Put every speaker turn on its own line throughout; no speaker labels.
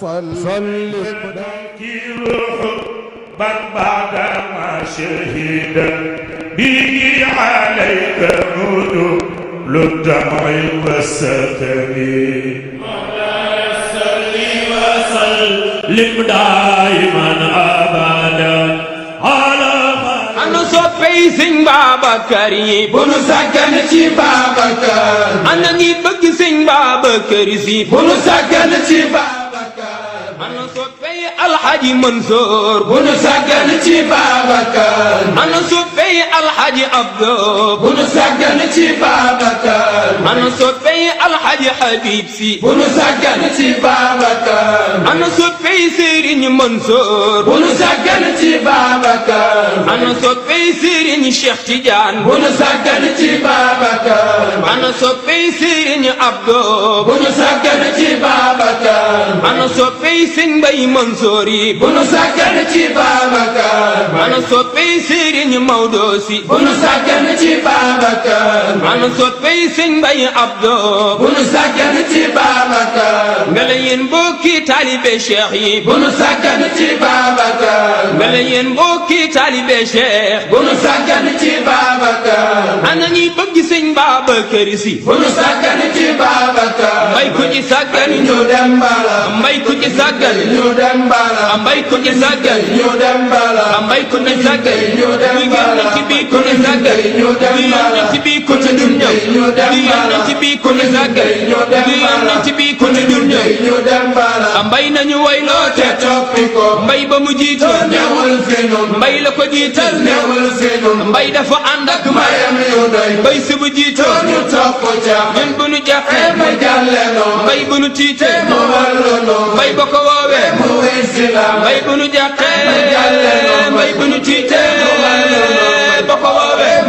فل صل ذكر حبا بعد ما شهد به عليك نور للدمع والسكن مولاي صل
وسلم دائما ابدا على انا صبي سن بابكر بن سكن شي بابكر انا ني بك سن بابكر سي بن سكن شي بابكر alxaji Mansoor bu nu sàggan ci Babacar ana soppey alxaji Abdu bu nu sàggan ci Babacar ana soppey alxaji Habib Si bu nu sàggan ci Babacar ana soppey Sëriñ Mansoor bu nu sàggan ci Babacar ana soppey Sëriñ Cheikh Tidiane bu nu sàggan ci Babacar ana soppey Sëriñ Abdu bu nu sàggan ci Babacar ana soppey soppey sëñ Mbay Mansoor yi bu nu sàggan ci Babacar Mbay ana soppey Sëriñ Mawdo Si bu nu sàggan ci Babacar Mbay ana soppey sëñ Mbay Abdou bu nu sàggan ci Babacar nga la yéen mbokki taalibe Cheikh yi bu nu sàggan ci Babacar nga la yéen mbokki taalibe Cheikh bu nu sàggan ci Babacar ana ñi bëgg sëñ Babacar Si bu nu sàggan ci Babacar mbay ku ci sàggan ñu dem bala mbay ku ci sàggal ñu dem bala am bay ku ne sàggal ñu dem bala am bay ku ne sàggal ñu dem bala bi ku ne sàggal ñu dem bala ci bi ku ne dun ñëw ñu dem bala ci bi ku ne sàggal ñu dem bala ci bi ku ne dun ñëw bay nañu way loo te toppi ko mbay ba mu jiitu la ko jiital newul fi ñun mbay dafa ànd ak bay si bu jiitoo ñun bu nu jàppee bay bu nu tiitee bay ba ko woowee bay bu nu jàppee bay bu nu tiitee ba ko woowee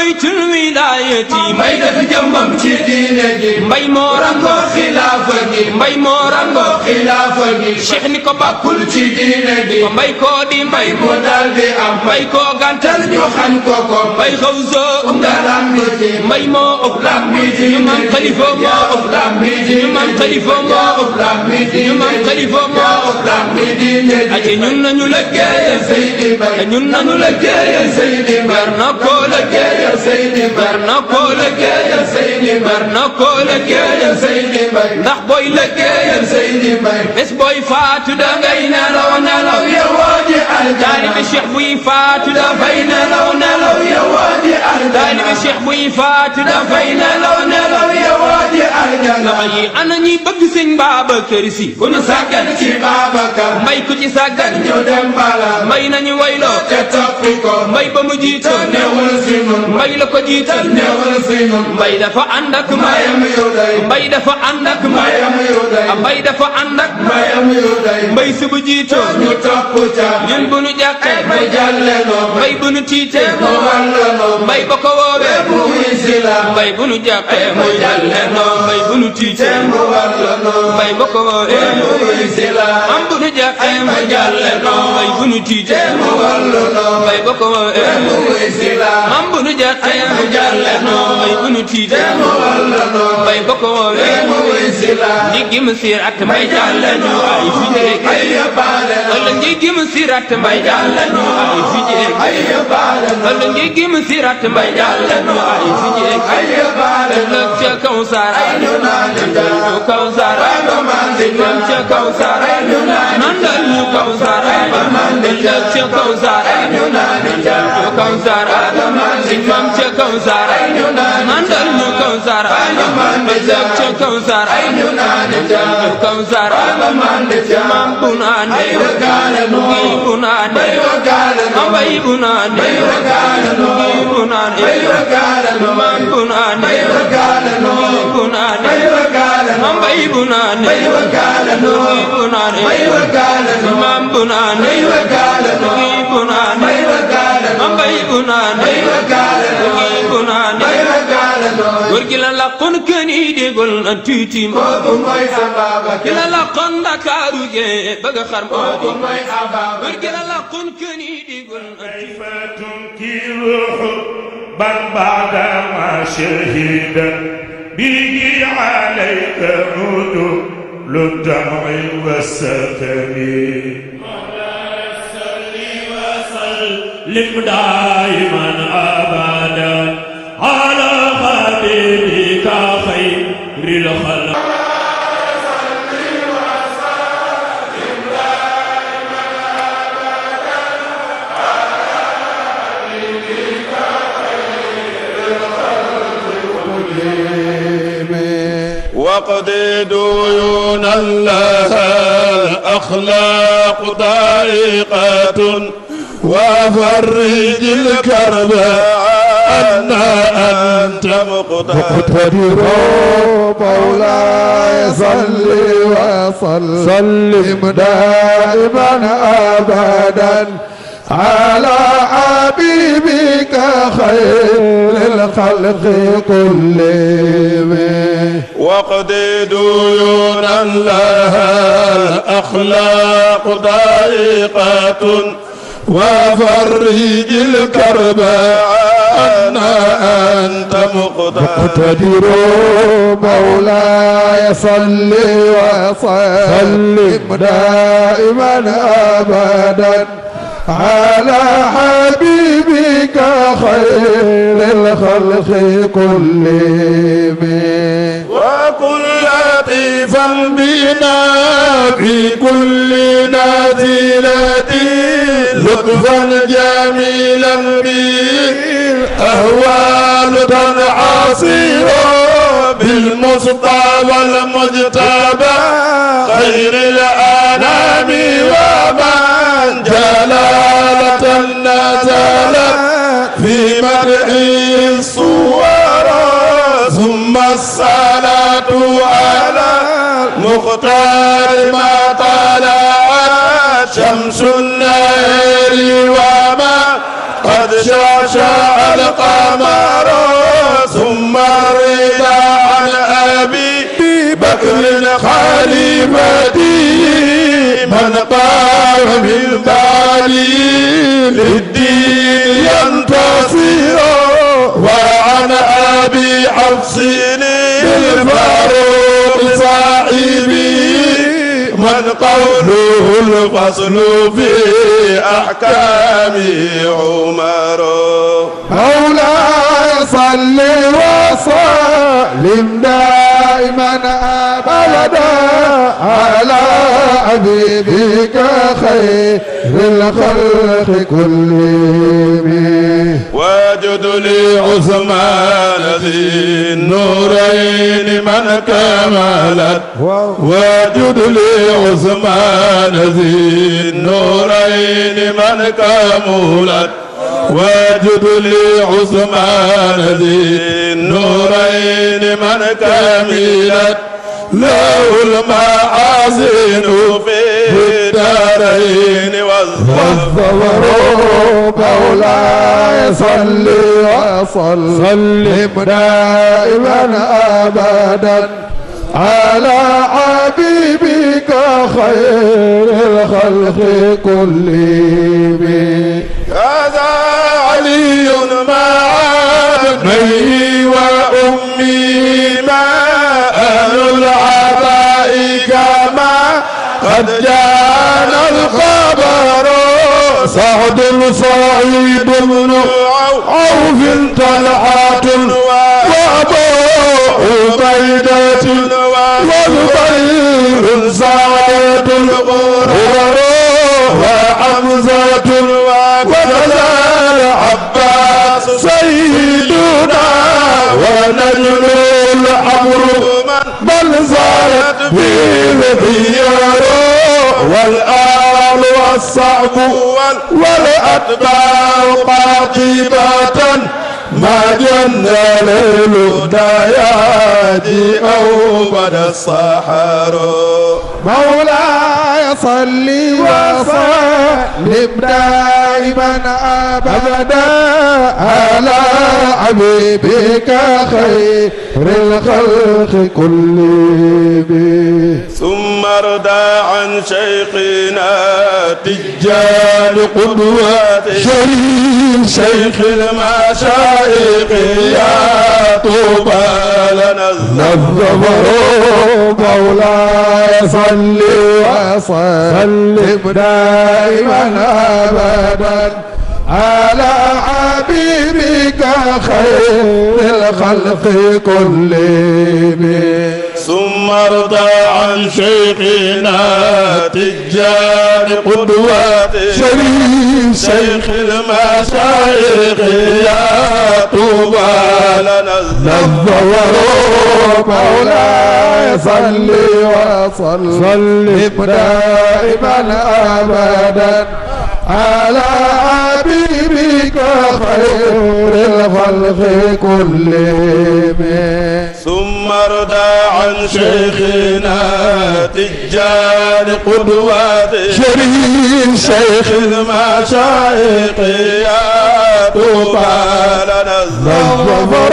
baytul wilaayati mbay def jëmbam ci diine gi mbay moo rango xilaafa gi mbay moo rango xilaafa gi cheikh ni ko bàkkul ci diine gi ko mbay koo di mbay mu dal di am mbay koo gàntal ñu xan ko ko mbay xaw soo um nga làmbi ji mbay moo ëpp làmbi ji ñu man xalifa moo ëpp làmbi ji ñu man xalifa moo ëpp làmbi ji ñu man xalifa moo ëpp làmbi diine ji aje ñun nañu lëggéeyal Seydi Mbay ñun nañu lëggéeyal Seydi Mbay jar na ko lëggéeyal liggéeyal Seyni Mbar na ko liggéeyal Seyni Mbar na ko liggéeyal Seyni Mbar ndax booy liggéeyal Seyni Mbar bés booy faatu da ngay nelaw nelaw yowoo ji aljana taalibi Cheikh buy faatu dafay nelaw nelaw yowoo ji aljana taalibi Cheikh buy faatu dafay nelaw nelaw yowoo ji aljana loxo yi ana ñuy bëgg sëñ Babacar Si ku ñu sàggan ci Babacar mbay ku ci sàggan ñu dem bala mbay nañu wayloo te toppi ko mbay ba mu jiitoo newul si nun mbay la ko jiital neewal Seynu mbay dafa ànd ak mbayam yow day mbay dafa ànd ak mbayam yow day mbay dafa ànd ak mbayam yow day mbay si bu jiitoo ñu topp ca ñun bu nu jàkkee bu jàllee noo mbay bu nu tiitee noo wàllanoo mbay ba ko bu wuy si la mbay bu nu jàppee mu jàlle noo mbay bu nu tiitee mu war la noo mbay boo ko woowee mu wuy si la am bu nu jàppee mu jàlle noo mbay bu nu tiitee mu war la noo mbay boo ko woowee mu wuy si la am bu nu jàppee mu jàlle noo mbay bu nu tiitee mu war la noo mbay boo ko woowee mu wuy si la njigim sirat mbay jàlle noo ay fijee ay yóbbaale wala njigim sirat mbay jàlle noo ay fijee ay yóbbaale wala njigim sirat mbay jàlle noo ñu ay si ay yëpp ëllëg ca kaw saar ay ñu naan ñu kaw saar ay ba man di ca kaw saar ay ñu naan ñu kaw saar ay ba Ninja ci Kawsar ñu naan Ninja ci Kawsar Sëñ Mam ci Kawsar ñu naan Mandal ñu Kawsar Ninja ci Kawsar ñu naan Ninja ci Kawsar Mam bu naan Ngi bu naan Mbay bu naan Ngi bu naan Mam bu naan Ngi bu naan Mbay bu naan Ngi bu naan Mam bu naan kila laqon këni déggol na tuuti kooku mooy Ababacar kila laqon Ndakaaru jee bëgg xar kooku mooy Ababacar kila laqon këni déggol na tuuti fatun kii ruuxu ban baada
ma shahida bihi alayka mudu lu dam'i wa safari
وسلم دائما أبدا على حبيبك خير الخلق
وقد ديون الله الأخلاق طريقة وفرج الكرب أن أنت مقتدر مولاي صل وسلم دائما أبدا على حبيبك خير الخلق كلهم وقد ديونا لها الأخلاق ضيقة وفرج الكرب أن أنت مقتدر مولاي صل وسلم دائما أبدا على حبيبك خير الخلق كلهم وكن لطيفا بنا في كل نازلتي لطفا جميلا بي أهوال تنعصر بالمصطفى والمجتبى خير الأنام ومن جلالة نزلت في مدحه الصور ثم الصلاة على مختار ما طلب شمس النهر وما قد شاشع القمر ثم الرضا عن أبي بكر خليفتي من قام من بالي للدين ينتصر وعن أبي حفص الفاروق صاحبي من قوله الفصل في أحكام عمر مولاي صل وسلم دائما أبدا على حبيبك خير الخلق كلهم واجد لي عثمان ذي النورين من كملت واجد لي عثمان ذي النورين من كملت واجد لعثمان ذي نورين من كملت له المعازين في الدارين والظفر مولاي صل وسلم دائما ابدا على حبيبك خير الخلق كلهم هذا علي مع أبيه وأمي ما أهل العطاء كما قد جاءنا الخبر سعد صعيد بن عوف طلحة وأبو عبيدة وزبير سعد عمر وحمزة ونجل الأمر بل زالت به الخيار والآل والصعب والأتباع قاطبة ما جن ليل الديادي أو بدا الصحر مولاي صل وسلم دائما أبدا على حبيبك خير الخلق كلهم ثم ارضى عن شيخنا تجان قدوة شريف شيخ المشايخ يا طوبى لنا الزفر مولاي صل وسلم صل دائما ابدا على حبيبك خير الخلق كلهم ثم ارضى عن شيخنا تجار قدوة شريف شيخ المشايخ يا طوبى لنا الزور مولاي صلي وصل صلي دائما ابدا على حبيبك خير الخلق كلهم ثم ارضى عن شيخنا تجار قدوات شريف شيخ المشايخ يا طوبى لنا الظفر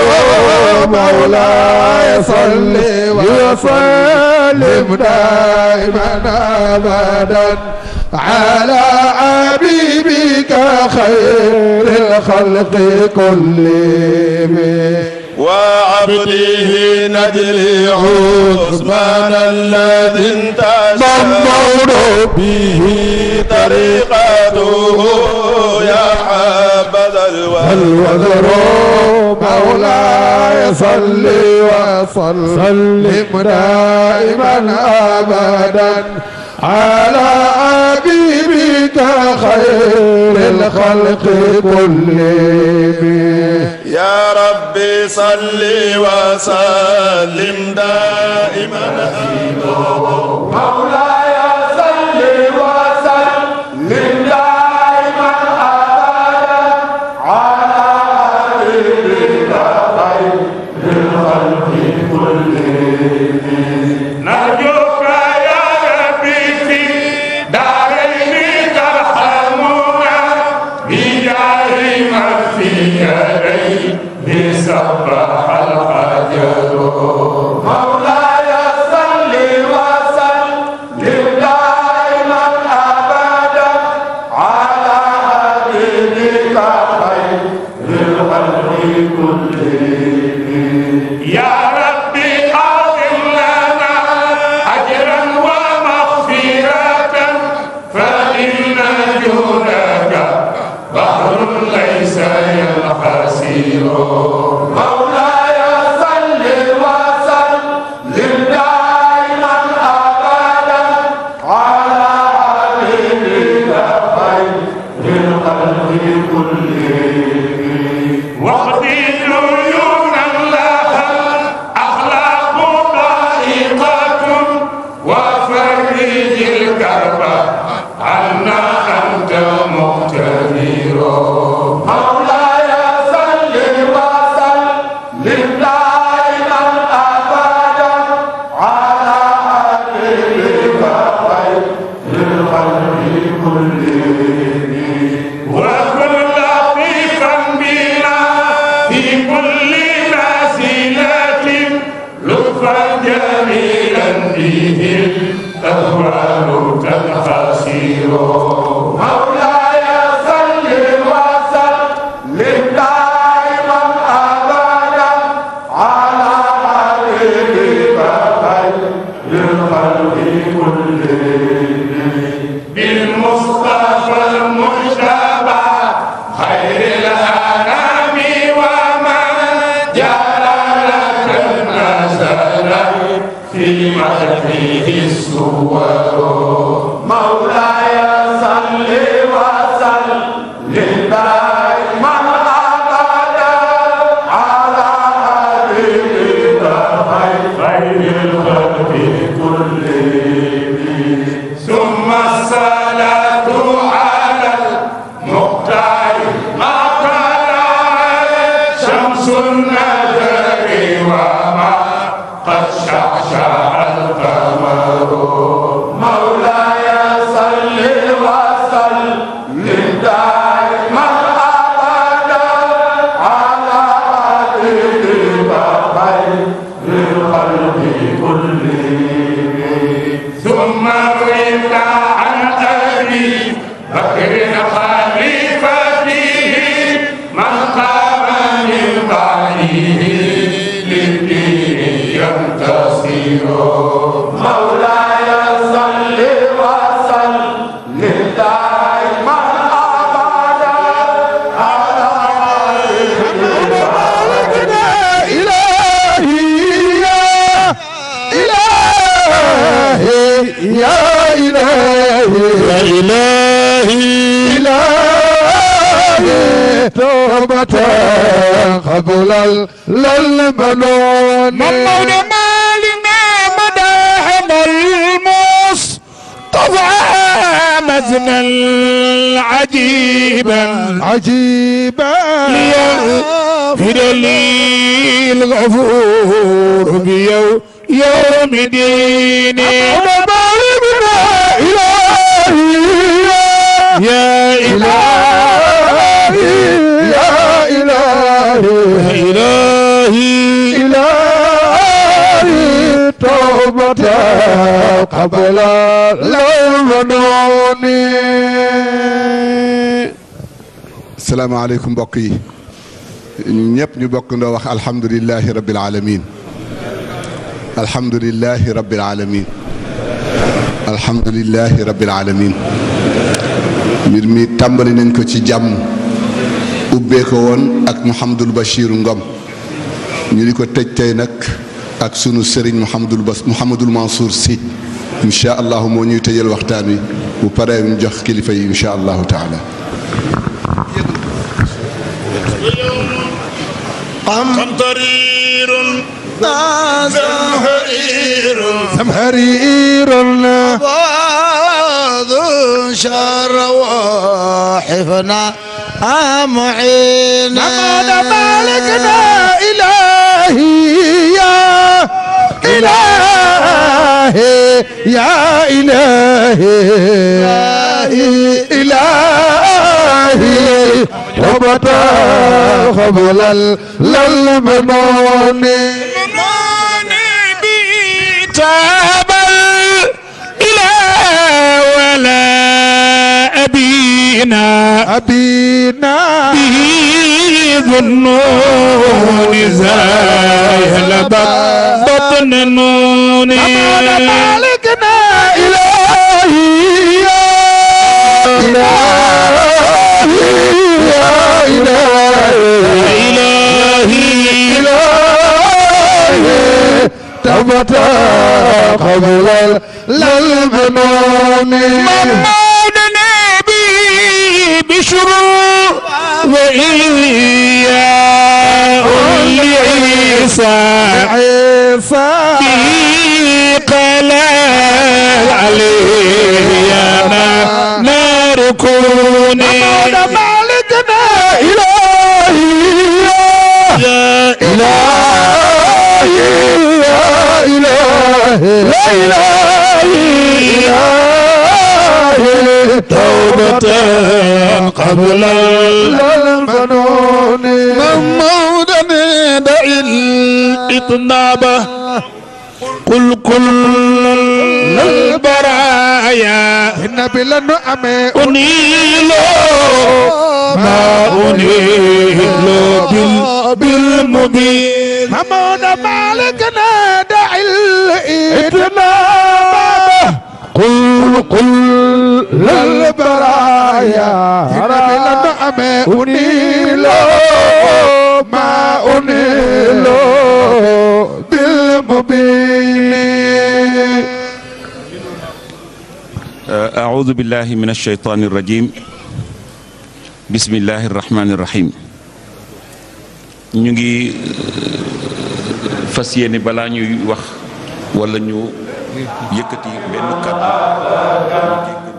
مولاي صل وسلم دائما ابدا على إليك خير الخلق كلهم وعبده نجلي عثمان الذي انتشر به طريقته يا حبذا الوذر مولاي صلي وسلم دائما ابدا على حبيبك خير الخلق كلهم يا ربي صل وسلم دائما مولاي توبة قبل للمنون ممون مالنا مداهم المصطفى مزنا عجيبا عجيبا ليغفر لي الغفور بيوم يوم ديني أقول باربنا إلهي يا قبل
الغنون salaamaaleykum mbokk yi ñëpp ñu bokk ndoo wax alhamdulilahi rabil alamin alhamdulilahi rabil alamin alhamdulilahi rabil alamin mbir mi tàmbali nañ ko ci jàmm ubbee ko woon ak Mouhamadul Bachir Ngom ñu di ko tëj tey nag ak sunu sëriñ Mouhamadul Bas Mouhamadul Mansour si incha allah moo ñuy tëjal waxtaan wi bu paree ñu jox kilifa yi incha allahu taala.
زمهرير أبواذ شرواحفنا معينا أمان مالكنا إلهي يا إلهي يا إلهي إلهي وبتا قبل للمنون منون بي تاب الإله ولا أبينا أبينا به ظنون زاهل بطن نون مالكنا إلهي يا إلهي يا إلهي إلهي إلهي تبت قبل المنون بشرور وإياه لعيسى عيسى قال عليه يا نار كوني مالكنا إلهي يا إلهي يا إلهي لا إله إلا توبة قبل الفنون من مودا دع الإطنابة قل كل البرايا النبي لن أمي أنيلو ما أنيل بال بالمبين ممونا مالكنا دع الإطنابة قل قل للبرايا رب النعم أنيلو ما أنيلو بالمبين
أعوذ بالله من الشيطان الرجيم بسم الله الرحمن الرحيم ñu ngi fas yéene balaa ñuy wax walla ñu yëkkati benn
kàddu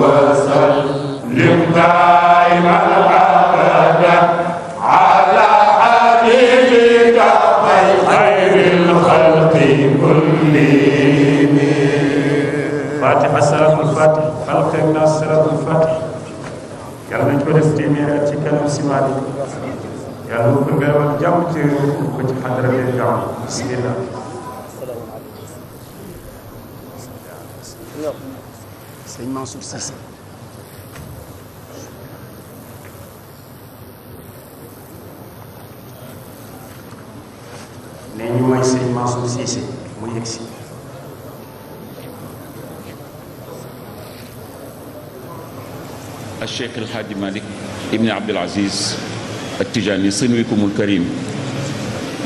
وسلم دائما أبدا على
حبيبك خير الخلق كلهم فاتح السلام الفاتح خلق الناس السلام الفاتح yàlla nañ ko def téeméer at ci kanam simaani yàlla bu ko gërëmal jàmm ci ko ci xadara bi jàmm bismillah
sëñ Mansour Cissé
ne ñu may sëñ Mansour Cissé mu yegg si al Cheikh El Hadji Malick ibn Abdul Aziz al Tijaani sëñ wi kumul Karim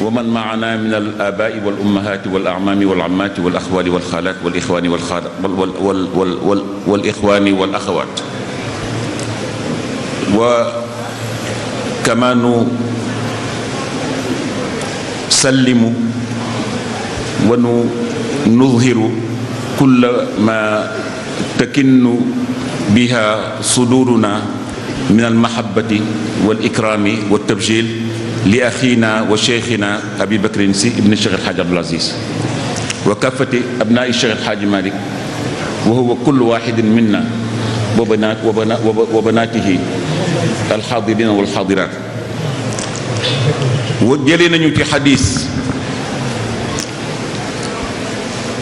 wa man maana min al abaai wal ummahaati wal amaami wal ammaati wal axwaali wal xaalaat wal ixwaani wal xaalaat wal ixwaani wal axawaat wa kama nu sallimu wa nu nudhiru kulla ma takinnu biha suduruna min al mahabbati wal ikraami wat tabjil li axiina wa cheikhina abi bakrin si ibni cheikh alxaaji abdul aziz wa kafati abnaai cheikh alxaaji malik wa huwa kullu waxidin minna wa banaat wa banaatihi alxaadirina wal xaadiraat wa jëlee nañu ci xadis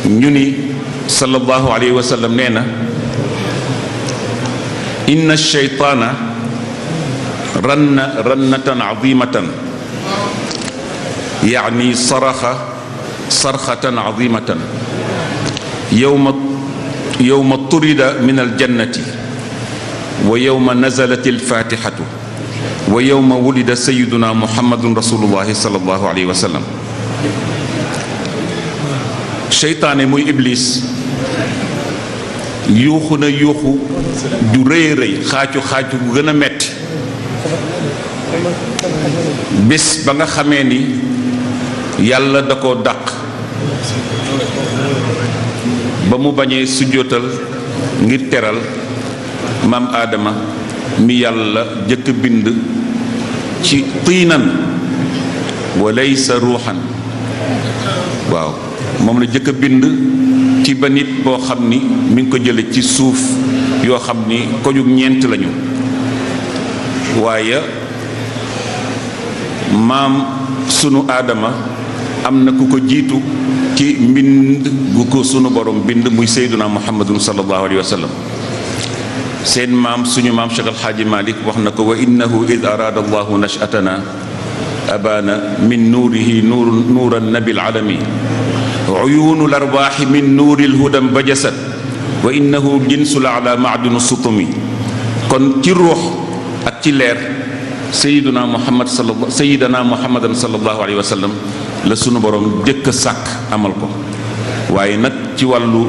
ñu ni sallallahu alayhi wa sallam nee na inna shaytaana ranna rannatan azimatan yaani saraxa sarxatan azimatan yowma yowma turida min aljannati wa yowma nazalat alfatixatu wa yowma wulida sayiduna muhammadun rasulullahi sallallahu alayhi wa sallam seytaane muy iblis yuuxu na yuuxu ju rëy rëy xaacu xaacu bu gën a metti bis ba nga xamee ni yàlla da ko dàq ba mu bañee sujjóotal ngir teral maam aadama mi yàlla jëkk bind ci tiinan wa laysa ruuxan waaw moom la jëkk bind ci ba nit boo xam ni mi ngi ko jële ci suuf yoo xam ni koju ñeent lañu waaye maam sunu aadama am na ku ko jiitu ci mbind gu ko sunu borom bind muy seyduna muhammadun sallallahu alayhi wa sallam seen maam suñu maam Cheikh El Hadji Malick wax na ko wa innahu id araada allahu nashatana abaana min nuurihi nuur nuura nabil alami uyuunu larwaaxi min nuuril hudam bajasat wa innahu jinsul ala maadinu sutumi kon ci ruux ak ci leer sayiduna muhammad sal sayidana muhammadan sallallahu alayhi wa sallam la sunu borom jëkk a sàkk amal ko waaye nag ci wàllu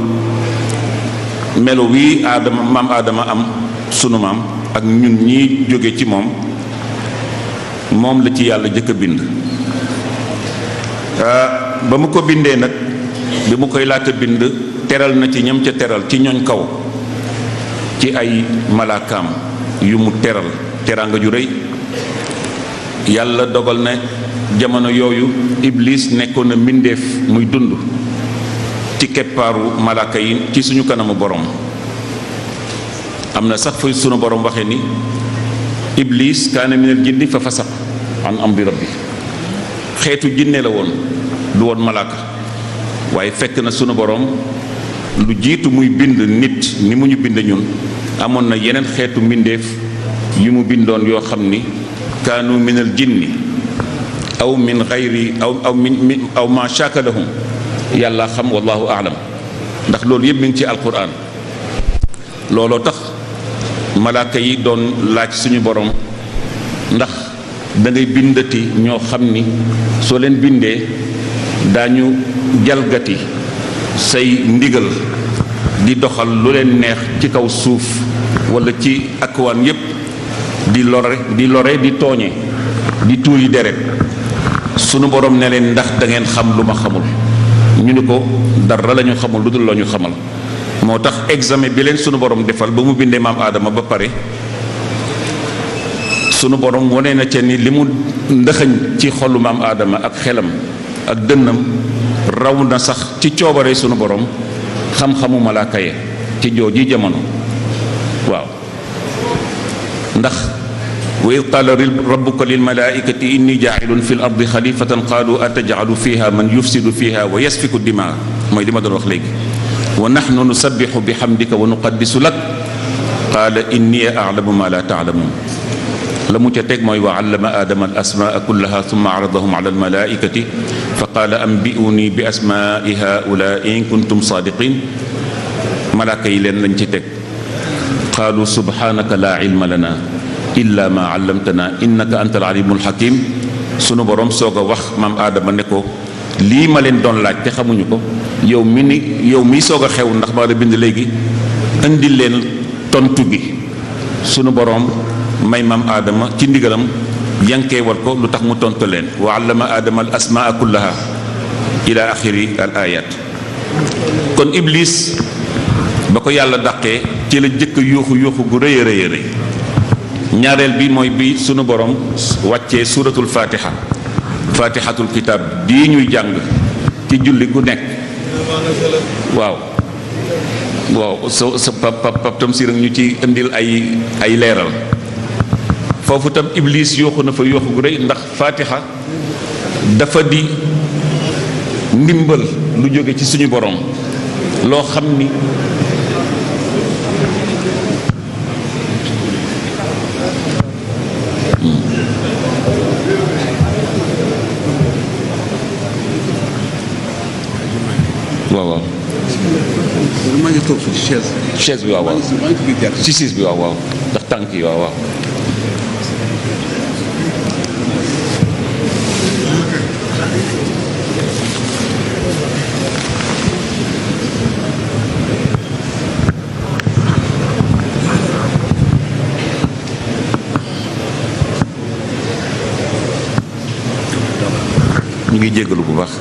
melo wi aadama maam aadama am sunu maam ak ñun ñi jóge ci moom moom la ci yàlla jëkk a bind ah, ba mu ko bindee nag bi mu koy laata bind teral na ci ñam ca teral ci ñooñ kaw ci ay malaakaam yu mu teral teraanga ju réy yàlla dogal ne jamono yooyu iblis nekkoon a mbindeef muy dund ci keppaaru malaaka yi ci suñu kanamu boroom am na sax fa sunu borom waxe ni iblis kaana minal jinni fa fasaq an amri rabbi xeetu jinne la woon lu woon malaaka waaye fekk na sunu borom lu jiitu muy bind nit ni mu ñu bind amoon na yeneen xeetu mbindeef yi mu bindoon yoo xam ni kaanu minal jinni aw min xayri aw aw min aw ma shakalahum yàlla xam wallahu alam ndax loolu yëpp mi ngi ci alquran looloo tax malaaka yi doon laaj suñu boroom ndax da ngay bindati ñoo xam ni soo leen bindee daañu jalgati say ndigal di doxal lu leen neex ci kaw suuf walla ci akwaan yëpp di lore di lore di tooñe di tuuri deret sunu borom ne leen ndax dangeen xam lu ma xamul ñu ni ko dara la xamul lu dul la ñu xamal moo tax exame bi leen sunu borom defal ba mu bindee maam aadama ba pare sunu borom wane na ca ni li mu ndëxañ ci xolu maam aadama ak xelam ak dënnam raw na sax ci coobare sunu boroom xam-xamu malaaka ya ci jooji jamono waaw wa id qaala rabbuka lilmalaaikati inni jaacilun fi l ardi xalifatan qaalu atajcalu fiha man yufsidu fiha wa yasfiku dimaa mooy li ma doon wax léegi wa naxnu nusabixu bixamdika wa nuqaddisu lak qaala inni aclamu ma la taclamuun la mu ca teg mooy wa allama aadama al asmaa kullaha summa aradahum ala almalaaikati fa qaala ambi'uni bi asmaai haula in kuntum saadiqin malaaka yi leen lañ ci teg qaalu subhanaka laa cilma lana illa ma allamtana innaka antal alimul hakim sunu boroom soog a wax maam aadama ne ko lii ma leen doon laaj te xamuñu ko yow mi ni yow mi soog a xew ndax maa la bind léegi indi leen tontu gi sunu boroom may maam aadama ci ndigalam yankeewal ko lu tax mu tontu leen wa allama aadama al asmaa kullaha ila axiri kon iblis ba ko yàlla dàqee ci la jëkk yuuxu yuuxu gu rëy a rëy ñaareel bi mooy bi sunu boroom wàccee suuratul fatiha fatihatul kitab di ñuy jàng ci julli gu nekk waaw waaw so so pap pap tamsiir ñu ci indil ay ay leeral foofu tam iblis yooxu na fa yooxu gu rëy ndax fatiha dafa di ndimbal lu jóge ci suñu boroom loo xam ni toog fi ci chaise. chaise bi waaw waaw ci siis bi waaw waaw ndax tànk yi waaw waaw. ñu ngi jégalu bu baax.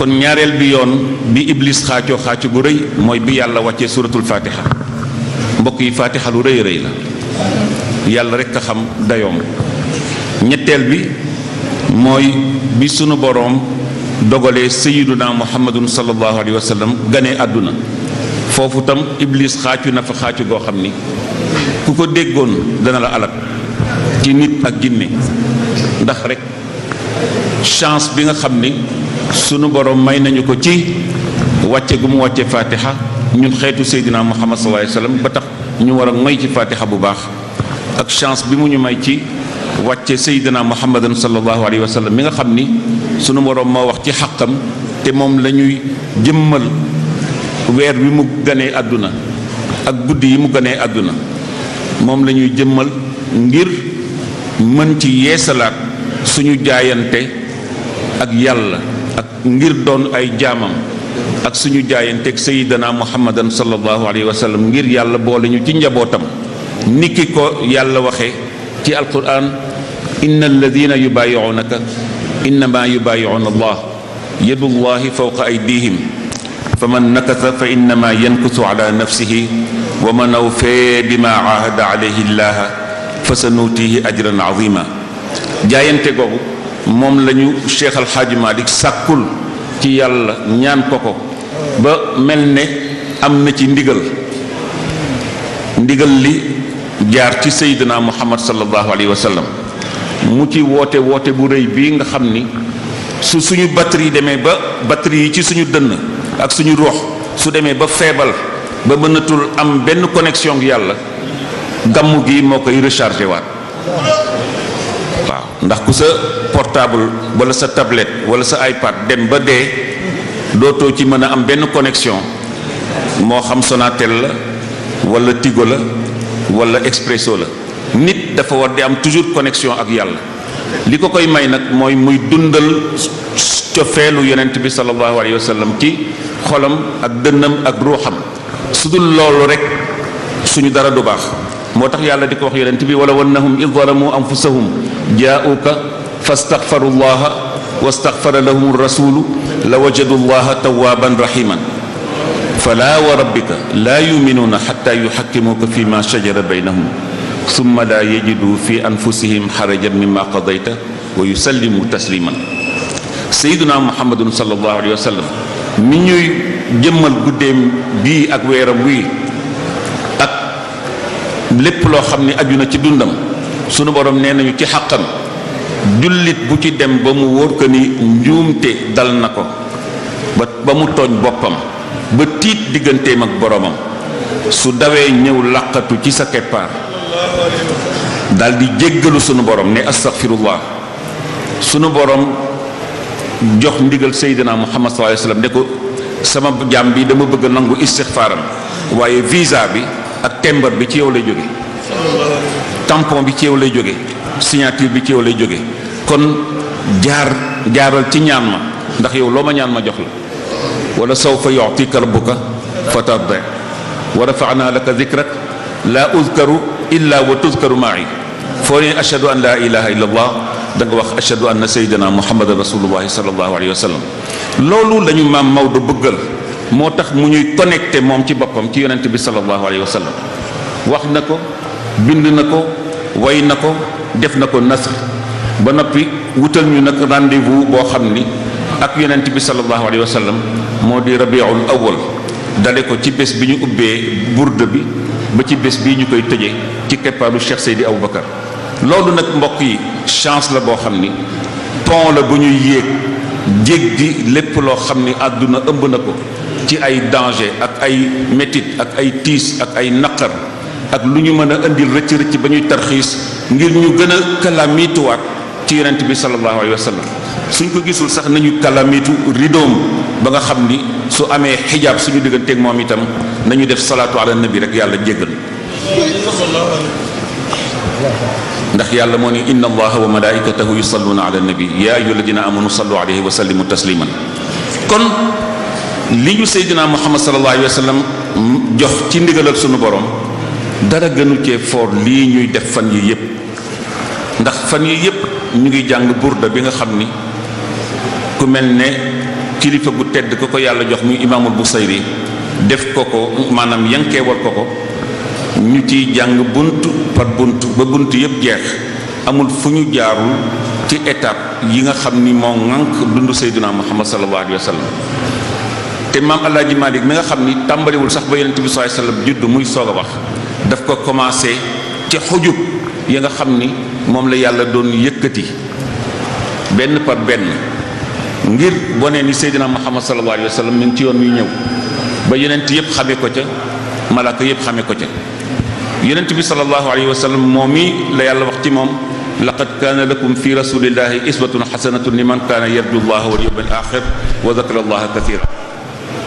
kon ñaareel bi yoon bi iblis xaajoo xaacu gu rëy mooy bi yàlla wàccee suratul fatiha mbokk yi fatiha lu rëy rëy la yàlla rek a xam dayoom ñetteel bi mooy bi sunu boroom dogalee sayiduna muhammadun sallallahu alayhi wa sallam ganee àdduna foofu tam iblis xaacu na fa xaacu goo xam ni ku ko déggoon dana la alal ci nit ak jinne ndax rek chance bi nga xam ni sunu borom may nañu ko ci wàcce gu mu wàcce fatiha ñun xeetu seydina muhammad sallallahu alayhi wasallam ba tax ñu war moy ci fatiha bu baax ak chance bi mu ñu may ci wàcce seydina muhammadan sallallahu alayhi wasallam mi nga xam ni sunu borom moo wax ci xàqam te moom lañuy ñuy jëmmal weer bi mu ganee àdduna ak guddi yi mu ganee àdduna moom lañuy jëmmal ngir mën ci yeesalaat suñu jaayante ak yàlla ak ngir doon ay jaamam ak suñu jaayanteeg sayidana muhammadan sallallahu alayhi wa sallam ngir yàlla boole ñu ci njabootam niki ko yàlla waxe ci alquran inna alladina yubaayi'unaka innama yubaayi'una allah yadullahi fawqa aydihim faman nakasa fa innama yankusu ala nafsihi wa man awfee bima ahada alayhi allah fa sanuutihi ajran azima jaayante googu moom lañu ñu Cheikh Al Hadj sàkkul ci yàlla ñaan ko ko ba mel ne am na ci ndigal ndigal li jaar ci Seydina Muhammad sallallahu alayhi wa sallam mu ci woote woote bu rëy bii nga xam ni su suñu batterie demee ba batterie yi ci suñu dënn ak suñu roox su demee ba feebal ba mënatul am benn connexion yàlla gàmmu gi moo koy rechargé waat ndax ku sa portable wala sa tablet wala sa iPad dem ba dee dootoo ci mën a am benn connexion moo xam Sonatel la walla Tigo la wala Expresso la nit dafa war di am toujours connexion ak yàlla li ko koy may nag mooy muy dundal cofeelu yonent bi sallallahu alayhi wa sallam ci xolam ak dënnam ak ruuxam su dul loolu rek suñu dara du baax moo tax yàlla di ko wax yonent bi wala wannahum id zalamu anfusahum jaa'uuka fastaxfaru llaha wastaxfara lahum rasulu la wajadu llaha tawaaban raximan falaa wa rabbika laa yuminuuna xatta yuxakkimuuka fi ma shajara baynahum summa laa yajidu fi anfusihim xarajan mimma qadayta wa yusallimu tasliman sayyiduna muhammadun sallallahu alayhi wa sallam mi ñuy jëmmal guddeem bii ak weeram wii ak lépp loo xam ne aju na ci dundam sunu borom nee nañu ci xàqam jullit bu ci dem ba mu wóor ko ni njuumte dal na ko ba ba mu tooñ boppam ba tiit digganteem ak boroomam su dawee ñëw làqatu ci sa keppaar dal di jéggalu sunu borom ne astaghfirullah sunu boroom jox ndigal seydina muhammad sallallahu alayhi wasallam ne ko sama jaam bi dama bëgg nangu istighfaaram waaye visa bi ak tembar bi ci yow lay jóge tampon bi ci yow lay jóge signature bi ci yow lay jóge kon jaar jaaral ci ñaan ma ndax yow loo ma ñaan ma jox la wala sawfa yu'tika rabbuka fatarda wa rafa'na laka dhikrak la uzkaru illa wa tuzkaru ma'i foo ne ashhadu an la ilaha illa allah da nga wax ashhadu anna sayyidina muhammadan rasulullahi sallallahu alayhi wa sallam loolu lañu maam Maodo bëggal moo tax mu ñuy connecté moom ci boppam ci yonent bi sallallahu alayhi wa bind na ko way na ko def na ko nasr ba noppi wutal ñu nag rendez-vous boo xam ni ak yonent bi sallallahu alayhi wa moo di rabiul awwal dale ko ci bés bi ñu ubbee burde bi ba ci bés bii ñu koy tëje ci keppaaru di Seydi Aboubacar loolu nag mbokk yi chance la boo xam ni pont la bu ñuy yéeg jéeg di lépp loo xam ni àdduna ëmb na ko ci ay danger ak ay métit ak ay tiis ak ay naqar ak lu ñu mën a indil rëcc rëcc ba ñuy tarxiis ngir ñu gën a kalaamiituwaat ci yonent bi sallallahu alayhi suñ ko gisul sax nañu kalaamiitu ridoom ba nga xam ni su amee xijaab suñu digganteeg moom itam nañu def salaatu ala nabi rek yàlla jéggal ndax yàlla moo ni inna allaha wa malaikatahu yusalluna ala nabi ya ayyuha alladina amanu sallu alayhi wa sallimu tasliman kon li ñu seydina muhammad sallallahu alayhi wa sallam jox ci ndigalal suñu borom dara gënu cee foor lii ñuy def fan yi yépp ndax fan yi yépp ñu ngi jàng burda bi nga xam ni ku mel ne kilifa bu tedd ko ko yàlla jox muy imaamul Busayri def ko ko maanaam yankeewal ko ko ñu ci jàng bunt par bunt ba bunt yépp jeex amul fu ñu jaarul ci étape yi nga xam ni moo ŋànk dund sayduna muhammad sallallahu alayhi wa sallam te maam alaaji malik mi nga xam ni tàmbaliwul sax ba yonent bi sallallahu alayhi wa sallam judd muy soog a wax daf ko commencé ci xujub yi nga xam ni moom la yàlla doon yëkkati benn par benn ngir bone ni seydina muhammad sallallahu alayhi wa sallam mi ngi ci yoon muy ñëw ba yonent yëpp xamee ko ca malaaka yëpp xame ko ca yonent bi sallallahu alayhi wa sallam moom mi la yàlla wax ci moom laqad kaana lakum fi rasulillahi iswatun xasanatun liman kaana yarju llaha wal yawmal axir wa dakara allaha kathira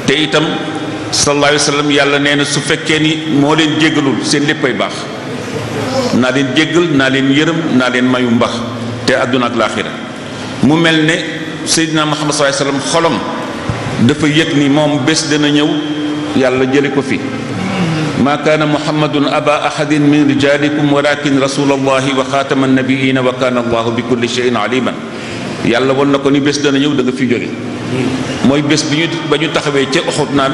te itam sallallahu alayhi yàlla nee na su fekkee ni moo leen jéggalul seen léppay baax naa leen jéggal naa leen yërëm naa leen mayu mbax te àdduna ak laaxira mu mel ne seydina muhammad sallallahu alayhi wa sallam xolom dafa yëg ni moom bés dana ñëw yàlla jële ko fi maa kaana muhammadun aba ahadin min rijalikum walakin rasulallahi wa xaatama annabiina wa kaana allahu bi kulli shay'in aliman yàlla won na ko ni bés dana ñëw da fi jóge mooy bés bi ñu ba ñu taxawee ca Uhud naan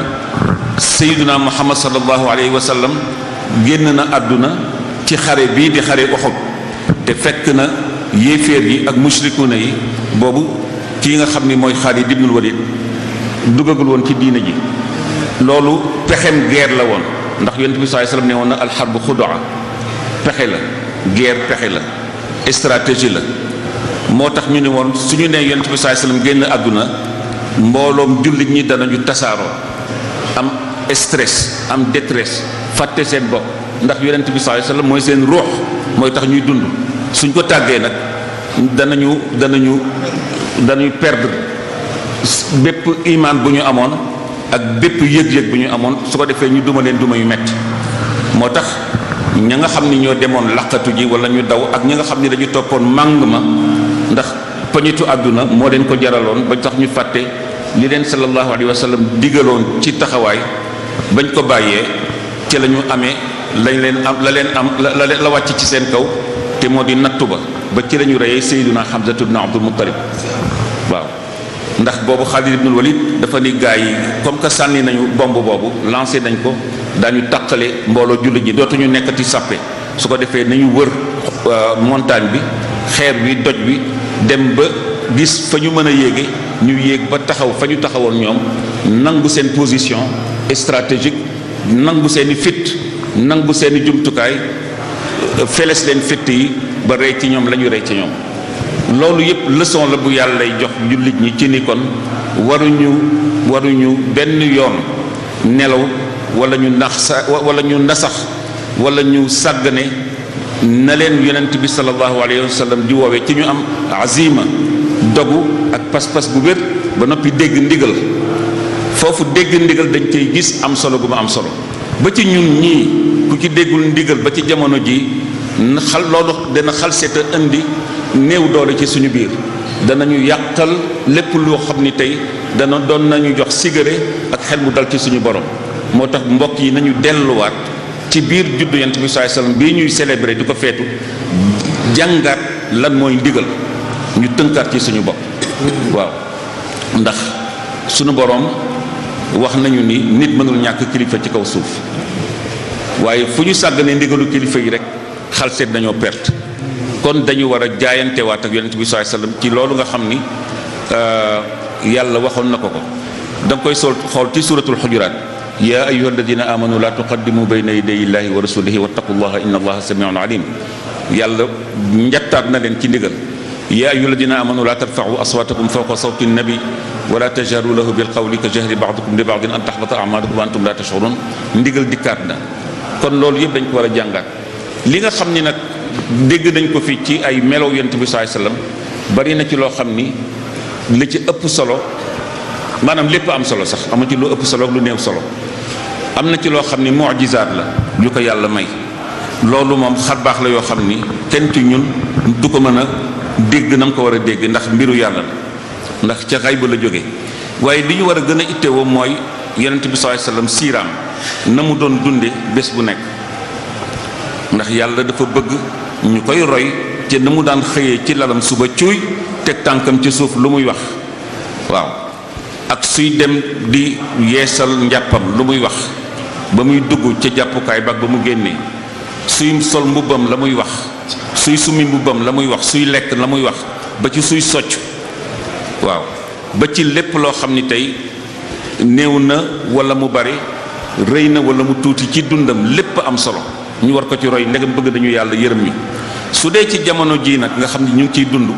sayyiduna Muhammad sallallahu alayhi wa sallam génn na àdduna ci xare bii di xare Uhud te fekk na yéeféer yi ak mushrikuna yi boobu kii nga xam ni mooy Xaalid ibnul Walid dugagul woon ci diina ji loolu pexem guerre la woon ndax yonent bi sallallahu alayhi ne woon na alxarbu xudaa pexe la guerre pexe la stratégie la moo tax ñu ne woon suñu nee yonent bi sallallahu alayhi génn àdduna mbooloom jullit ñi danañu tasaaroo am stress am détresse fàtte seen bopp ndax yonent bi sallallahu alayhi wasallam mooy seen ruux mooy tax ñuy dund suñ ko tàggee nag danañu danañu danañu perdre bépp imaan bu ñu amoon ak bépp yëg-yëg bu ñu amoon su ko defee ñu duma leen duma yu metti moo tax ña nga xam ni ñoo demoon laqatu ji wala ñu daw ak ñi nga xam ni dañu toppoon màng ma ndax poñitu àdduna moo leen ko jaraloon ba tax ñu fàtte li leen sallallahu alayhi wa sallam digaloon ci taxawaay bañ ko bàyyee ci la ñu amee lañ leen am la leen am la la wàcc ci seen kaw te moo di nattu ba ba ci la ñu reyee Seydina Hamza ibn Abdul Muttalib waaw ndax boobu Khalid ibn Walid dafa ni gaa yi comme que sànni nañu bomb boobu lancé nañ ko daañu taqale mbooloo jullit yi dootuñu nekkati sàppe su ko defee nañu wër euh, montagne bi xeer bi doj bi dem ba gis fa ñu mën a yéege ñu yéeg ba taxaw fa ñu taxawoon ñoom nangu seen position stratégique nangu seen i fit nangu seeni jumtukaay feles leen fitt yi ba rey ci ñoom la ñu rey ci ñoom loolu yépp leçon la bu yàlla jox jullit ñi ci ni kon waruñu waruñu benn yoon nelaw wala ñu nax ñu nasax wala ñu sàggane na leen yonent bi sallallahu alayhi wa sallam di woowee ci ñu am azima dogu ak pas-pas bu wér ba noppi dégg ndigal foofu dégg ndigal dañ cay gis am solo bu mu am solo ba ci ñun ñii ku ci déggul ndigal ba ci jamono ji xal loolu dana xal seeta indi néew doole ci suñu biir danañu yàqal lépp loo xam ni tey dana doon nañu jox sigare ak xel mu dal ci suñu borom moo tax mbokk yi nañu delluwaat ci biir juddu yent bi sallallahu alayhi wasallam bii ñuy célébrer du ko feetu jàngaat lan mooy ndigal ñu tënkaat ci suñu bopp waaw ndax suñu boroom wax nañu ni nit mënul ñàkk kilifa ci kaw suuf waaye fu ñu sàgganee ndigalu kilifa yi rek xalseet dañoo perte kon dañu war a jaayantewaat ak yonent bi sallallahu alayhi ci loolu nga xam ni euh, yàlla waxoon na ko ko da koy sol xool ci suratul xujuraat yaa ayyuha alladina amanu laa tuqaddimu bayna yaday illahi wa rasulihi wattaqullaha inna allaha samiun alim yàlla njattaat na leen ci ndigal yaa ayyuha alladina amanu laa tarfa'u aswatakum fawqa sawti nabi wala tajharu lahu bilqawli ka jahri ba'dikum li ba'din an tahbata a'malukum wa antum la tash'urun ndigal dikkaat na kon loolu yëpp dañ ko war a jàngaat li nga xam ni nag dégg nañ ko fii ci ay melow yonent bi sallallahu alayhi wasallam bari na ci loo xam ni li ci ëpp solo maanaam lépp am solo sax amu ci lu ëpp solo ak lu néew solo am na ci loo xam ni mu'jizaat la yu ko yàlla may loolu moom xar baax la yoo xam ni kenn ci ñun du ko mën a dégg na mu ko war a dégg ndax mbiru yàlla la ndax ca xayba la jóge waaye li ñu war a gën a ittewoo mooy yonent bi sallallahu alayhi wasallam siiraam na mu doon dunde bés bu nekk ndax yàlla dafa bëgg ñu koy roy te na mu daan xëyee ci lalam suba cuuy teg tànkam ci suuf lu muy wax waaw ak suy dem di yeesal njàppam lu muy wax ba muy dugg ca jàppukaay ba ba mu génnee suy sol mbubbam la muy wax suy summi mbubbam la muy wax suy lekk la muy wax ba ci suy socc waaw ba ci lépp loo xam ni tey néew na wala mu bari rëy na wala mu tuuti ci dundam lépp am solo ñu war ko ci roy ndegam bëgg nañu yàlla yërëm ñu su dee ci jamono jii nag nga xam ni ñu ngi ciy dund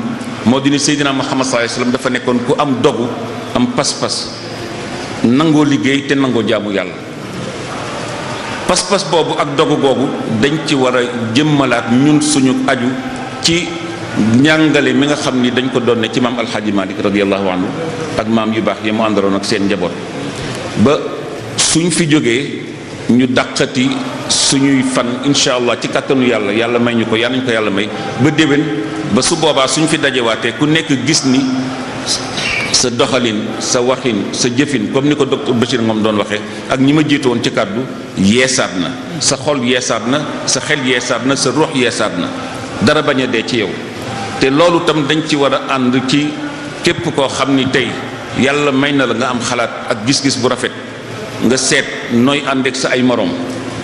moo di ni Seydina Muhammad sallallahu alayhi wasallam dafa nekkoon ku am dogu am pas-pas nangoo liggéey te nangoo jaamu yàlla pas-pas boobu ak dogu googu dañ ci war a jëmmalaat ñun suñu aju ci njàngale mi nga xam ni dañ ko doon ne ci maam alxaaji malik radiallahu anhu ak maam yu baax yi mu àndaloon ak seen njaboot ba suñ fi jógee ñu dàqati suñuy fan incha allah ci kàttanu yàlla yàlla may ñu ko yàlla nañ ko yàlla may ba déwén ba su boobaa suñ fi dajewaatee ku nekk gis ni sa doxalin sa waxin sa jëfin comme ni ko docteur Bachir moom doon waxe ak ñi ma jiitu woon ci kàddu yeesaat na sa xol yeesaat na sa xel yeesaat na sa ruux yeesaat na dara bañ a dee ci yow te loolu tam dañ ci war a ànd ci képp koo xam ni tey yàlla may na la nga am xalaat ak gis-gis bu rafet nga seet nooy ànd ak sa ay moroom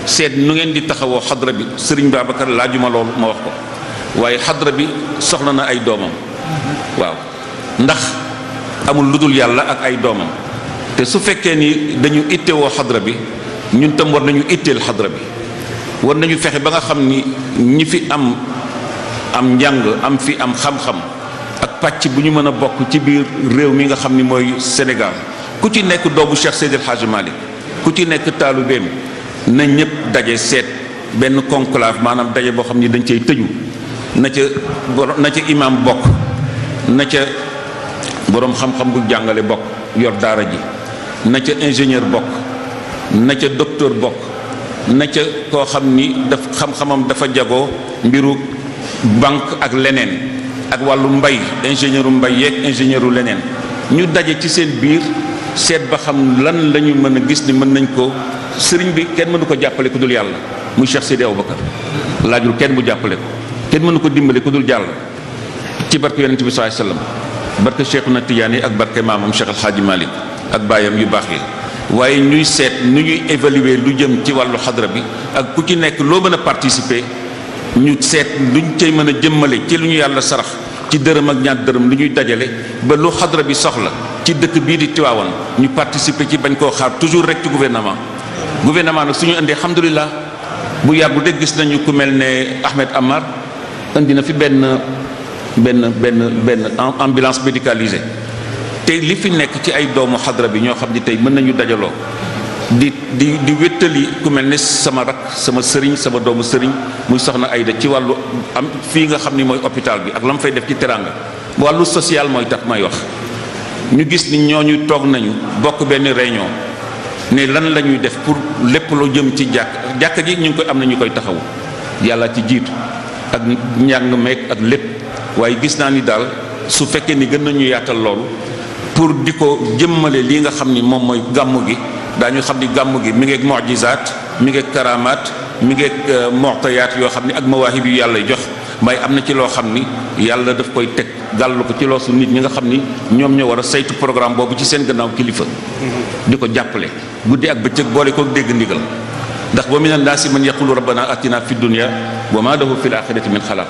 seet nu ngeen di taxawoo xadra bi sëriñ Babacar laajuma loolu ma wax ko waaye xadra bi soxla na ay doomam waaw ndax. amul lu dul yàlla ak ay doomam te su fekkee ni dañu ittewoo xadra bi ñun tam war nañu itteel xadra bi war nañu fexe ba nga xam ni ñi fi am am njàng am fi am xam-xam ak pàcc bu ñu mën a bokk ci biir réew mi nga xam ni mooy Sénégal ku ci nekk doobu Cheikh Seydil Hadji Malick ku ci nekk taalubeem na ñëpp daje seet benn conclave maanaam daje boo xam ni dañ cay tëju na na ca imaam bokk na ca boroom xam-xam bu jàngale bokk yor daara ji na ca ingénieur bokk na ca docteur bokk na ca koo xam ni daf xam-xamam dafa jagoo mbiru banque ak leneen ak wàllu mbay ingénieuru mbay yeeg ingénieuru leneen ñu daje ci seen biir seet ba xam lan la mën a gis ni mën nañ ko sëriñ bi kenn mënu ko jàppale ku dul yàlla muy Cheikh Sidi Aboubacar laajul kenn bu jàppale ko kenn mënu ko dimbale ku dul jàll ci barke yonent bi sallallahu alayhi barke Cheikh na Tidiane yi ak barke maamam Cheikh El Hadj Malick ak baayam yu baax yi waaye ñuy seet nu ñuy évaluer lu jëm ci wàllu xadra bi ak ku ci nekk loo mën a participer ñu seet luñ cay mën a jëmmale ci lu ñu yàlla sarax ci dërëm ak ñaar dërëm lu ñuy dajale ba lu xadra bi soxla ci dëkk bii di Tivaouane ñu participer ci bañ koo xaar toujours rek ci gouvernement. gouvernement nag suñu indee alhamdulilah bu yàggu de gis nañu ku mel ne Ahmed Amar indi benn benn benn ambulance médicalisée te li fi nekk ci ay doomu xadra bi ñoo xam ni tey mën nañu dajaloo di di di wéttali ku mel ne sama rak sama sëriñ sama doomu sëriñ muy soxna Ayda ci wàllu am fii nga xam ni mooy hôpital bi ak la mu fay def ci teraanga wàllu sociale mooy tax may wax ñu gis ni ñooñu toog nañu bokk benn réunion ne lan lañuy def pour lépp lu jëm ci jàkk jàkk ji ñu ngi koy am na ñu koy taxawu yàlla ci jiitu ak njàng meek ak lépp waaye gis naa ni daal su fekkee ni gën nañu yaatal lool pour di ko jëmmale li nga xam ni moom mooy gàmmu gi daañu xam ni gàmmu gi mi ngeeg mu'jizaat mi ngeeg karamaat mi ngeeg euh, mu'tayaat yoo xam ni ak mawaahib yu yàlla jox may am na ci loo xam ni yàlla daf koy teg gàllu ko ci su nit ñi nga xam ni ñoom ñoo war a saytu programme boobu ci seen gannaaw kilifa. Mm-hmm. di ko jàppale guddi ak bëccëg boole ko dégg ndigal ndax wa mina naasi man yaqulu rabbana atina fid dunya wa ma lahu fil akhirati min xalaq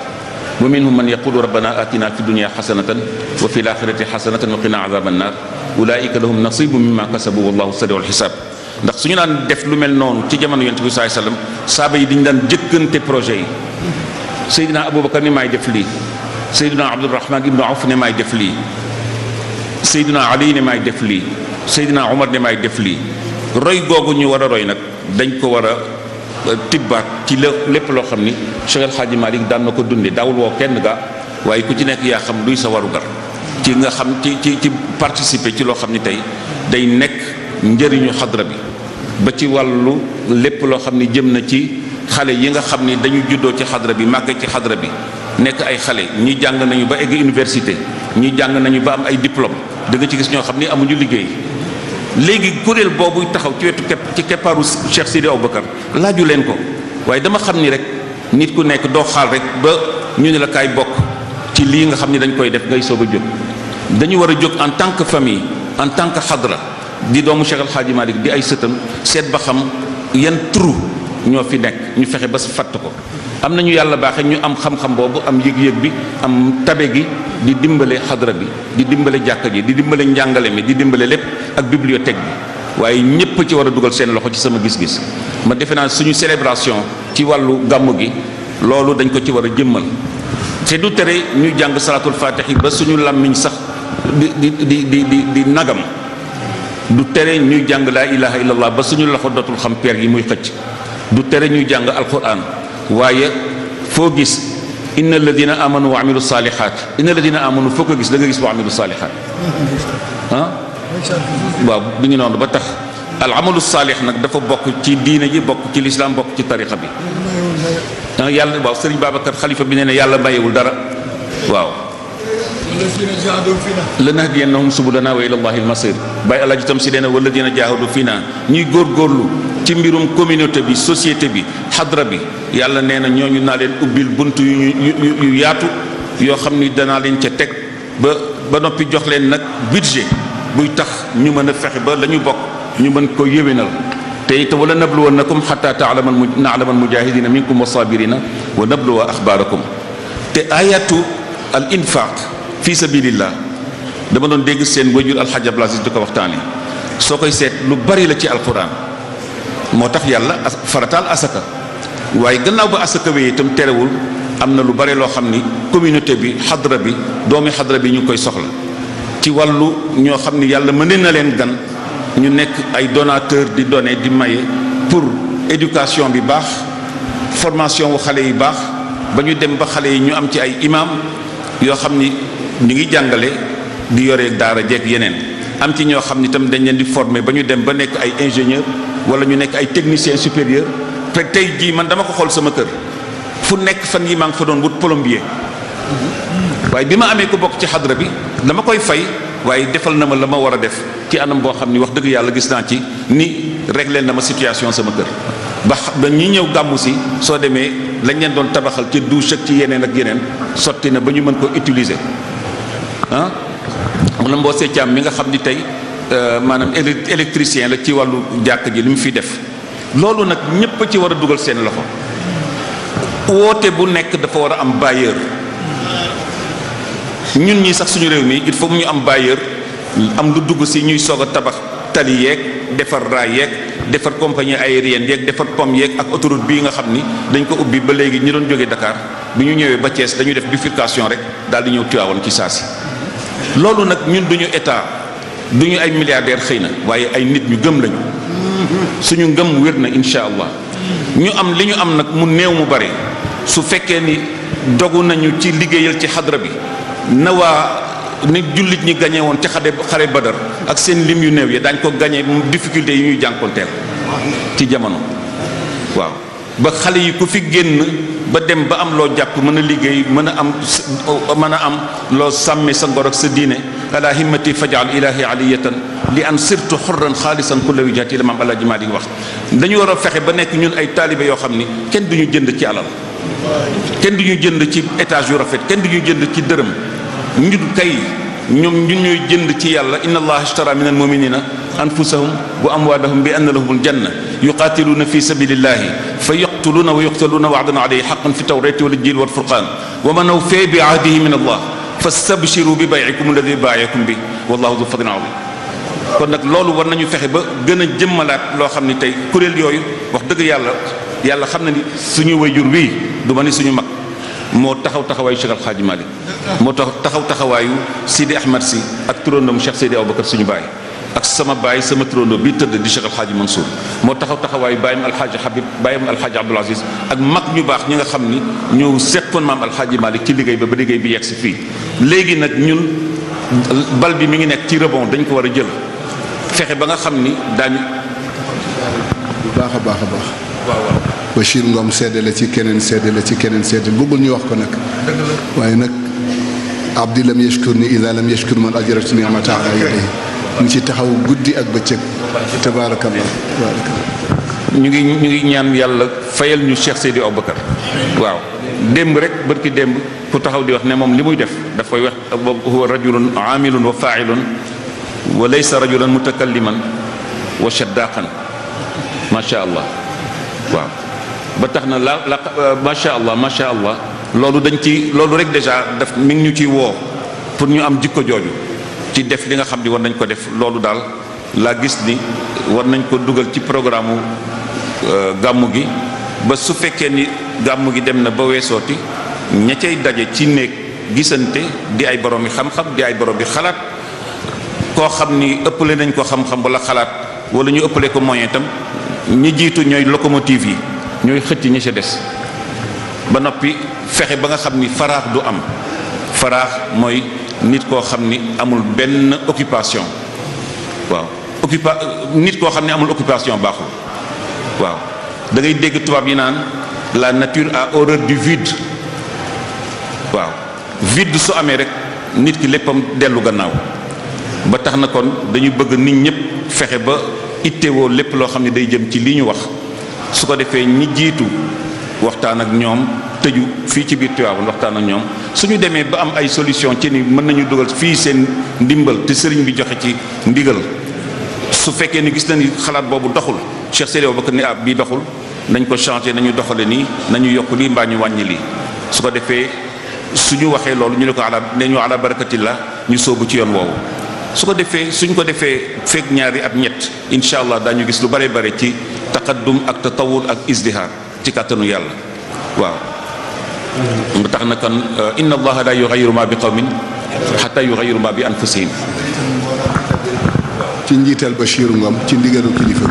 wa minhum man yaqulu rabbana atina fi dunya xasanatan wa fi laaxirati xasanatan wa qina azaba annar ulaika lahum nasibu mimma kasabu wallahu sariul xisaab ndax suñu daan def lu mel noonu ci jamono yonent bi saai sallam saaba yi dañu daan jëkkante projet yi seydina abubakar ni maay def lii seydina abdurahman ibnu awf ne maay def lii seydina ali ne maay def lii seydina omar ne maay def lii roy googu ñu war a roy nag dañ ko war a tibbaat ci lépp loo xam ni Cheikh El Hadji Malick daan na ko dundi daawul woo kenn gaa waaye ku ci nekk yaa xam luy sa warugar ci nga xam ci ci ci participer ci loo xam ni tey day nekk njëriñu xadra bi ba ci wàllu lépp loo xam ni jëm na ci xale yi nga xam ni dañu juddoo ci xadra bi màgge ci xadra bi nekk ay xale ñi jàng nañu ba egg université ñi jàng nañu ba am ay diplôme da nga ci gis ñoo xam ni amuñu liggéey léegi kuréel boobuy taxaw ci wetu kepp ci keppaaru Cheikh Sidi Aboubacar laaju leen ko waaye dama xam ni rek nit ku nekk doo xaal rek ba ñu ne la kaay bokk ci lii nga xam ni dañ koy def ngay soog a jóg dañu war a jóg en tant que famille en tant que xadra di doomu Cheikh Al Hadji Malick di ay sëtam seet ba xam yan trou ñoo fi nekk ñu fexe ba fatt ko am nañu yàlla baaxe ñu am xam-xam boobu am yëg-yëg bi am tabe gi di dimbale xadra bi di dimbale jàkka ji di dimbale njàngale mi di dimbale lépp ak bibliothèque bi waaye ñépp ci war a dugal seen loxo ci sama gis-gis ma defe naa suñu célébration ci wàllu gàmmu gi loolu dañ ko ci war a jëmmal te du tere ñuy jàng salaatul faatixi ba suñu làmmiñ sax di di di di di nagam du tere ñuy jàng laa ilaha illallah ba suñu loxo dootul xam peer muy xëcc du tere ñuy jàng alquran waaye foo gis inna alladina amanu wa amilu salihat inna alladina amanu foo ko gis da nga gis wa amilu salihat ah waaw bi ngi noonu ba tax al amalu saalix nag dafa bokk ci diine ji bokk ci lislaam bokk ci tarixa bi ah yàlla waaw sëriñ Babacar xalifa bi nee na yàlla mayewul dara waaw lanahdiyannahum subulana wa ilallahi al masir bàyyi àlaaji tam si deen walladina jaahadu fina ñuy góorgóorlu ci mbirum communauté bi société bi xadra bi yàlla nee na ñooñu naa leen ubbil bunt yu yu yaatu yoo xam ni danaa leen ca teg ba ba noppi jox leen nag budget buy tax ñu mën a fexe ba la ñu bokk ñu mën ko yéwénal te it wala nabluwannakum xataa taalamal mu naalamal mujahidina minkum wa sabirina wa nabluwa axbaarakum te ayatu al infaq fi sabilillah dama doon dégg seen wajur alxaj Abdul Aziz di ko waxtaane soo koy seet lu bari la ci alquran moo tax yàlla farataal asaka waaye gannaaw ba asaka wee itam terewul am na lu bare loo xam ni communauté bi xadra bi doomi xadra bi ñu koy soxla ci wàllu ñoo xam ni yàlla mën na leen gan ñu nekk ay donateur di donné di maye pour éducation bi baax formation wu xale yi baax ba ñu dem ba xale yi ñu am ci ay imam yoo xam ni ñu ngi jàngale di yore daara jeeg yeneen am ci ñoo xam ni tam dañ leen di former ba ñu dem ba nekk ay ingénieur wala ñu nekk ay technicien supérieur te tey jii man dama ko xool sama kër fu nekk fan yi maa ngi fa doon wut plombier waaye bi ma amee ku bokk ci xadra bi dama koy fay waaye defal na ma la ma war a def ci anam boo xam ni wax dëgg yàlla gis naa ci ni réglé na ma situation sama kër ba ba ñi ñëw gàmmu si soo demee lañ leen doon tabaxal ci douche ak ci yeneen ak yeneen sotti na ba ñu mën ko utiliser ah wala mboo seecaam mi nga xam ni tey Euh, maanaam électricien la ci wàllu jàkk ji li mu fi def loolu nag ñépp ci war a dugal seen loxo woote bu nekk dafa war a am bailleur ñun ñi sax suñu réew mi il faut mu ñu am bailleur am lu dugg si ñuy soog a tabax tali yeeg defar raay yeeg defar compagnie aérienne yeeg defar pom yeeg ak autoroute bii nga xam ni dañ ko ubbi ba léegi ñi doon jógee Dakar bi ñu ñëwee ba Thiès dañu def bifurcation rek daal di ñëw Tivaouane ci saa si loolu nag ñun duñu état du ñu ay milliardaire xëy na waaye ay nit ñu gëm lañu suñu ngëm wér na incha allah ñu am li ñu am nag mu néew mu bare su fekkee ni dogu nañu ci liggéeyal ci xadra bi na waa ni jullit ñi gañe woon ci xade xare badar ak seen lim yu néew yi daañ ko gañe difficulté yi ñuy jànkonteel ci jamono waaw ba xale yi ku fi génn ba dem ba am loo jàpp mën a liggéey mën a am mën a am loo sàmmee sa ngor ak sa diine ala himmati fajal ilahi aliyatan li an sirtu xurran xaalisan kulla wijati la maam alaaji Maalik wax dañu war a fexe ba nekk ñun ay taalibe yoo xam ni kenn du duñu jënd ci alal kenn duñu jënd ci étage yu rafet kenn duñu jënd ci dërëm ñu kay ñoom ñu ñuy jënd ci yàlla inna allaha ashtara min almuminina anfusahum wa amwalahum bi anna lahumul janna yuqatiluna fi sabilillahi yaqtuluuna wa yuqtaluuna wa'dan alayhi haqqan fi tawrati wal injil wal furqan wa man awfa bi ahdihi min allah fastabshiru bi bay'ikum alladhi baayakum bi wallahu dhu fadlin azim kon nag loolu war nañu fexe ba gën a jëmmalaat loo xam ni tey kuréel yooyu wax dëgg yàlla yàlla xam na ni suñu wayjur wii du ma ni suñu mag moo taxaw taxawaayu Cheikh Al Hadj Malick moo tax taxaw taxawaayu Sidi Ahmed si ak turandoom Cheikh Sidi Aboubacar suñu baay ak sama baay sama turandoo bi tëdd di Cheikh El Hadj Mansour moo taxaw taxawaayu bàyyam El Hadj Habib bàyyam El Hadj Abdoul Aziz ak mag ñu baax ñi nga xam ni ñoo seqoon maam El Hadj Malick ci liggéey ba ba liggéey bi yegg si fii. léegi nag ñun bal bi mi ngi nekk ci rebond dañ ko war a jël fexe ba nga xam ni daañu.
bu baax a baax a baax. waaw waaw. Bachir Ngom seede la ci keneen seede la ci keneen seede bëggul ñu wax ko nag. waaye nag. abdi lam yashkur ni ida lam yashkur man ajratni amata ala mu ngi taxaw guddi ak bëccëg tabaarakallah
ñu ngi ñu ñaan yàlla fayal ñu Cheikh Seydi Aboubacar waaw démb rek bërki démb ku taxaw di wax ne moom li muy def daf koy wax huwa rajulun aamilun wa faailun wa laysa rajulan mutakalliman wa shaddaqan macha allah waaw ba tax na la la macha allah macha allah loolu dañ ci loolu rek déjà daf mi ñu ciy woo pour ñu am jikko jooju ci def li nga xam ni war nañ ko def loolu daal laa gis ni war nañ ko dugal ci programme euh, gàmmu gi ba su fekkee ni gàmmu gi dem na ba weesooti ña cay daje ci néeg gisante di ay borom yi xam-xam di ay borom bi xalaat koo xam ni ëppale nañ ko xam-xam wala xalaat wala ñu ëppale ko moyen itam ñi jiitu ñooy locomotive yi ñooy xëcc ñi ca des ba noppi fexe ba nga xam ni faraax du am faraax mooy. nit koo xam ni amul benn occupation waaw occupa nit koo xam ne amul occupation baaxul waaw dangay dégg tubaab yi naan la nature a horreur du vide waaw vide su amee rek nit ki léppam dellu gannaaw ba tax na kon dañu bëgg nit ñëpp fexe ba ittewoo lépp loo xam ne day jëm ci lii ñu wax su ko defee ñi jiitu waxtaan ak ñoom tëju fii ci biir Tivaouane waxtaan ak ñoom suñu demee ba am ay solution ci nii mën nañu dugal fii seen ndimbal te sëriñ bi joxe ci ndigal su fekkee ni gis nit xalaat boobu doxul Cheikh Seydou Bakar ni ab ah, bii doxul nañ ko changer nañu doxale nii nañu yokk lii mbaa ñu wàññi lii su ko defee suñu waxee loolu ñu ne ko ala ne ñu ala barakatillah ñu sóobu ci yoon woowu su ko defee suñ ko defee feeg ñaari ab ñett incha allah daañu gis lu bare bare ci taqaddum ak tatawur ak izdihar ci kàttanu yàlla waaw mu tax na kon euh, inna allaha la yughayyiru ma bi qawmin hatta yughayyiru ma bi anfusihim
ci njiital Bachir Ngom ci ndigalu kilifa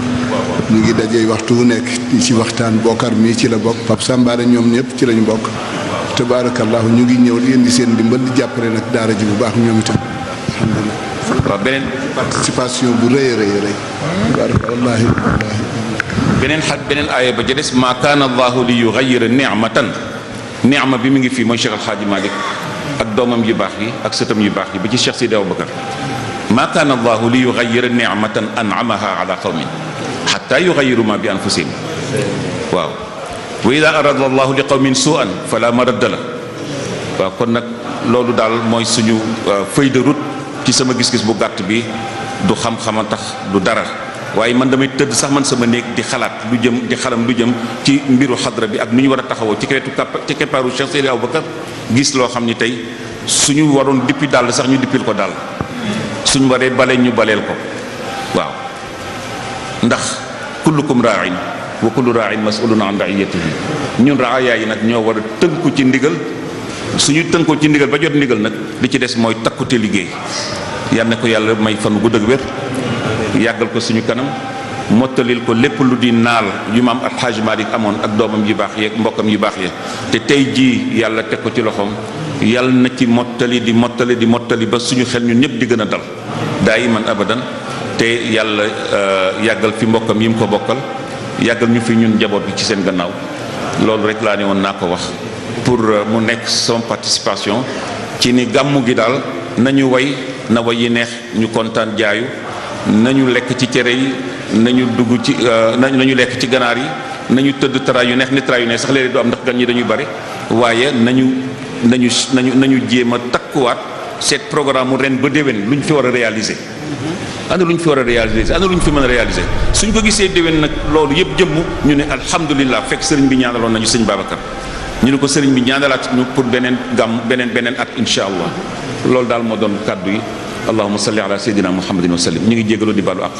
bi ñu ngi dajee waxtu wu nekk ci waxtaan bokkar mi ci la bokk Pape Sambaare ñoom ñëpp ci lañu bokk tabaarakallaahu ñu ngi ñëw di indi seen ndimbal di jàppale nag daara ji bu baax ñoom itam beneen participation bu rëy a rëy rëy wallaahi wallaahi
beneen xat beneen aaya ba ja des maa kaana allahu li yughayira ni'matan ni'ma bi mu ngi fii mooy Cheikh Alxaaji Malik ak doomam yu baax yi ak sëtam yu baax yi ba ci Cheikh Sidi Abubakar maa kaana allahu li yughayira ni'matan an'amaha ala qawmin hatta yughayiru ma bi anfusihim waaw wa idha arada allahu li qawmin su'an fala maradda la waaw kon nag loolu daal mooy suñu euh, feuille de route ci sama gis-gis bu gàtt bi du xam-xama tax du dara waaye man damay tëdd sax man sama néeg di xalaat lu jëm di xalam lu jëm ci mbiru xadra bi ak nu ñu war a taxawoo ci keetu ci keppaaru aw ba Aboubacar gis loo xam ni tey su ñu waroon dippi dàll sax ñu dippil ko dàll suñu waree bale ñu baleel ko waaw ndax kullukum ra'in wa kullu ra'in mas'ulun an ra'iyatihi ñun yaay yi nag ñoo war a tënku ci ndigal suñu tënkoo ci ndigal ba jot ndigal nag li ci des mooy takku te liggéey yal na ko yàlla may fan gu dëgg wér yàggal ko suñu kanam mottalil ko lépp lu di naal yu maam alxaaji Malik amoon ak doomam yu baax yeeg mbokkam yu baax ya te tey jii yàlla teg ko ci loxoom yàlla na ci mottali di mottali di mottali ba suñu xel ñu ñëpp di gën a dal daayiman abadan te yàlla euh, yàggal fi mbokkam yi mu ko bokkal yàggal ñu fi ñun njaboot bi ci seen gannaaw loolu rek laa ne woon naa ko wax pour euh, mu nekk son participation ci ni gàmmu gi daal nañu woy na way yi neex ñu kontaan jaayu nañu lekk ci cere yi nañu dugg ci euh, nañu lekk ci ganaar yi nañu tëdd taraay yu neex ni taraay yu neex sax léeg-léeg du am ndax gan ñi dañuy bari waaye nañu nañu nañu nañu jéem a takkuwaat seet programme mu ren ba déwén lu mhm. ñu fi war a réaliser. ana lu ñu fi war a réaliser ana lu ñu fi mën a réaliser suñ ko gisee déwén nag loolu yëpp jëmm ñu ne alhamdulilah fekk sëriñ bi ñaanaloon nañu sëñ Babacar ñu ne ko sëriñ bi ñaanalaat ñu pour beneen gàmm beneen beneen at incha mhm. loolu daal moo kàddu yi. allahuma salli ala sayyidina muhammadin wa sallim ñu ngi jégaloo di baalu àq